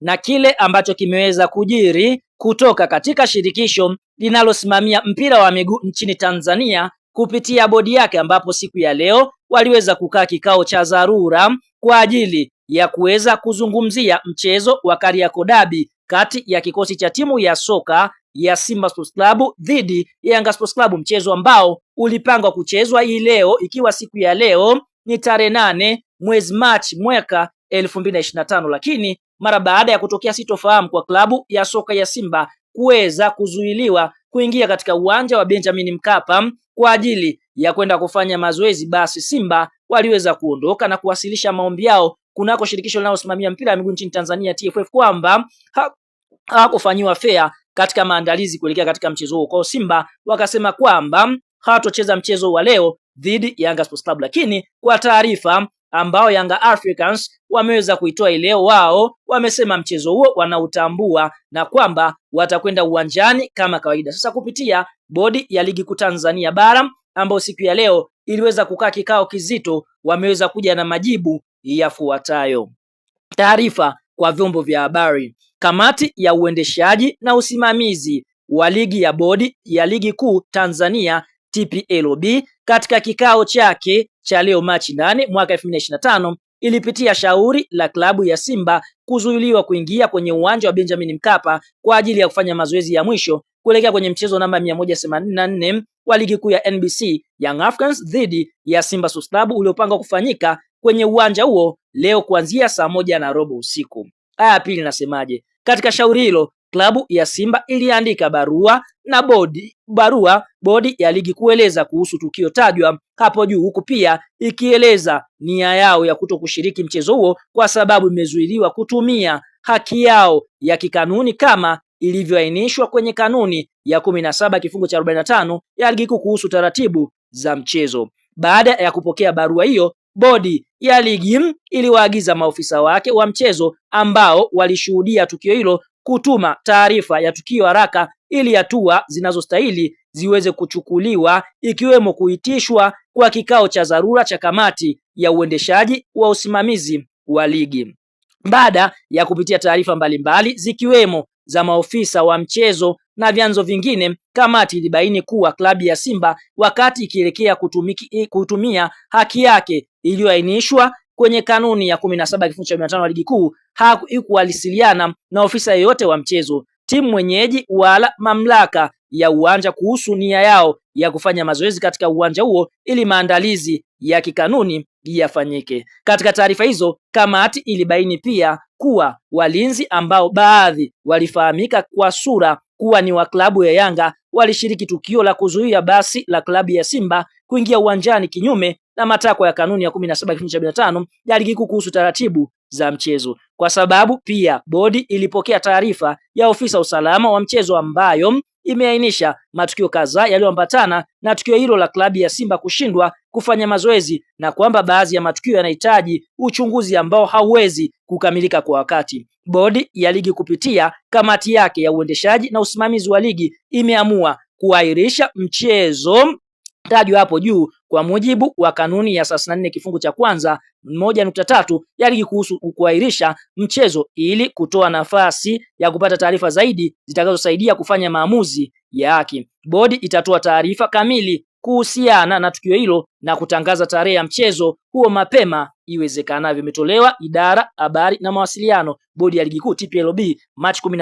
na kile ambacho kimeweza kujiri kutoka katika shirikisho linalosimamia mpira wa miguu nchini Tanzania kupitia bodi yake, ambapo siku ya leo waliweza kukaa kikao cha dharura kwa ajili ya kuweza kuzungumzia mchezo wa Kariakoo Derby kati ya kikosi cha timu ya soka ya Simba Sports Club dhidi ya Yanga Sports Club, mchezo ambao ulipangwa kuchezwa hii leo, ikiwa siku ya leo ni tarehe nane mwezi Machi mwaka 2025 lakini mara baada ya kutokea sitofahamu kwa klabu ya soka ya Simba kuweza kuzuiliwa kuingia katika uwanja wa Benjamin Mkapa kwa ajili ya kwenda kufanya mazoezi, basi Simba waliweza kuondoka na kuwasilisha maombi yao kunako shirikisho linalosimamia mpira wa miguu nchini Tanzania TFF kwamba hawakufanyiwa fair katika maandalizi kuelekea katika mchezo huo. Kwao Simba wakasema kwamba hawatocheza mchezo wa leo dhidi ya Yanga Sports Club, lakini kwa taarifa ambao Yanga Africans wameweza kuitoa ileo, wao wamesema mchezo huo wanautambua na kwamba watakwenda uwanjani kama kawaida. Sasa kupitia bodi ya ligi kuu Tanzania bara ambayo siku ya leo iliweza kukaa kikao kizito, wameweza kuja na majibu yafuatayo. Taarifa kwa vyombo vya habari. Kamati ya uendeshaji na usimamizi wa ligi ya bodi ya ligi kuu Tanzania TPLB katika kikao chake cha leo Machi nane mwaka 2025 ilipitia shauri la klabu ya Simba kuzuiliwa kuingia kwenye uwanja wa Benjamin Mkapa kwa ajili ya kufanya mazoezi ya mwisho kuelekea kwenye mchezo namba 184 wa ligi kuu ya NBC Young Africans dhidi ya Simba Sports Club uliopangwa kufanyika kwenye uwanja huo leo kuanzia saa moja na robo usiku. Aya pili inasemaje? Katika shauri hilo klabu ya Simba iliandika barua na bodi barua bodi ya ligi kueleza kuhusu tukio tajwa hapo juu, huku pia ikieleza nia yao ya kuto kushiriki mchezo huo kwa sababu imezuiliwa kutumia haki yao ya kikanuni kama ilivyoainishwa kwenye kanuni ya kumi na saba kifungu cha 45 ya ligi kuu kuhusu taratibu za mchezo. Baada ya kupokea barua hiyo, bodi ya ligi iliwaagiza maofisa wake wa mchezo ambao walishuhudia tukio hilo kutuma taarifa ya tukio haraka ili hatua zinazostahili ziweze kuchukuliwa ikiwemo kuitishwa kwa kikao cha dharura cha kamati ya uendeshaji wa usimamizi wa ligi. Baada ya kupitia taarifa mbalimbali zikiwemo za maofisa wa mchezo na vyanzo vingine, kamati ilibaini kuwa klabu ya Simba wakati ikielekea kutumia haki yake iliyoainishwa kwenye kanuni ya 17 kifungu cha 15 wa ligi kuu haikuwasiliana na ofisa yeyote wa mchezo, timu mwenyeji wala mamlaka ya uwanja kuhusu nia yao ya kufanya mazoezi katika uwanja huo ili maandalizi ya kikanuni yafanyike. Katika taarifa hizo, kamati ilibaini pia kuwa walinzi ambao baadhi walifahamika kwa sura kuwa ni wa klabu ya Yanga walishiriki tukio la kuzuia basi la klabu ya Simba kuingia uwanjani kinyume na matakwa ya kanuni ya 17 kifungu cha ya ligi kuu kuhusu taratibu za mchezo, kwa sababu pia bodi ilipokea taarifa ya ofisa usalama wa mchezo ambayo imeainisha matukio kadhaa yaliyoambatana na tukio hilo la klabu ya Simba kushindwa kufanya mazoezi na kwamba baadhi ya matukio yanahitaji uchunguzi ambao hauwezi kukamilika kwa wakati. Bodi ya ligi kupitia kamati yake ya uendeshaji na usimamizi wa ligi imeamua kuahirisha mchezo tajwa hapo juu kwa mujibu wa kanuni ya 34 kifungu cha kwanza moja nukta tatu ya ligi kuhusu kuahirisha mchezo ili kutoa nafasi ya kupata taarifa zaidi zitakazosaidia kufanya maamuzi ya haki. Bodi itatoa taarifa kamili kuhusiana na tukio hilo na kutangaza tarehe ya mchezo huo mapema iwezekanavyo. Imetolewa idara habari na mawasiliano, bodi ya ligi kuu TPLB, Machi kumi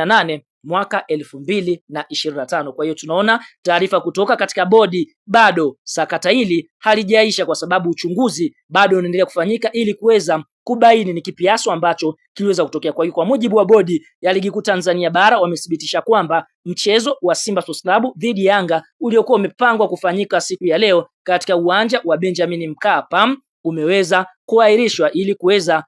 mwaka elfu mbili na ishirini na tano. Kwa hiyo tunaona taarifa kutoka katika bodi, bado sakata hili halijaisha, kwa sababu uchunguzi bado unaendelea kufanyika ili kuweza kubaini ni kipi ambacho kiliweza kutokea. Kwa hiyo kwa mujibu wa bodi ya ligi kuu Tanzania bara wamethibitisha kwamba mchezo wa Simba Sports Club dhidi ya Yanga uliokuwa umepangwa kufanyika siku ya leo katika uwanja wa Benjamin Mkapa umeweza kuahirishwa ili kuweza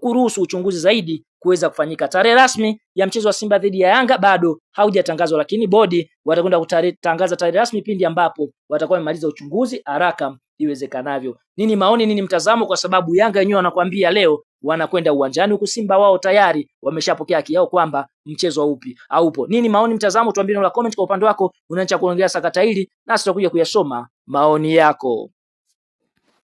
kuruhusu uchunguzi zaidi kuweza kufanyika. Tarehe rasmi ya mchezo wa Simba dhidi ya Yanga bado haujatangazwa, lakini bodi watakwenda kutangaza tarehe rasmi pindi ambapo watakuwa wamemaliza uchunguzi haraka iwezekanavyo. Nini maoni, nini mtazamo? Kwa sababu Yanga wenyewe wanakuambia leo wanakwenda uwanjani, huku Simba wao tayari wameshapokea kiao kwamba mchezo upi haupo. Nini maoni, mtazamo? Tuambie na comment kwa upande wako, unaacha kuongea sakata hili, nasi tutakuja kuyasoma maoni yako.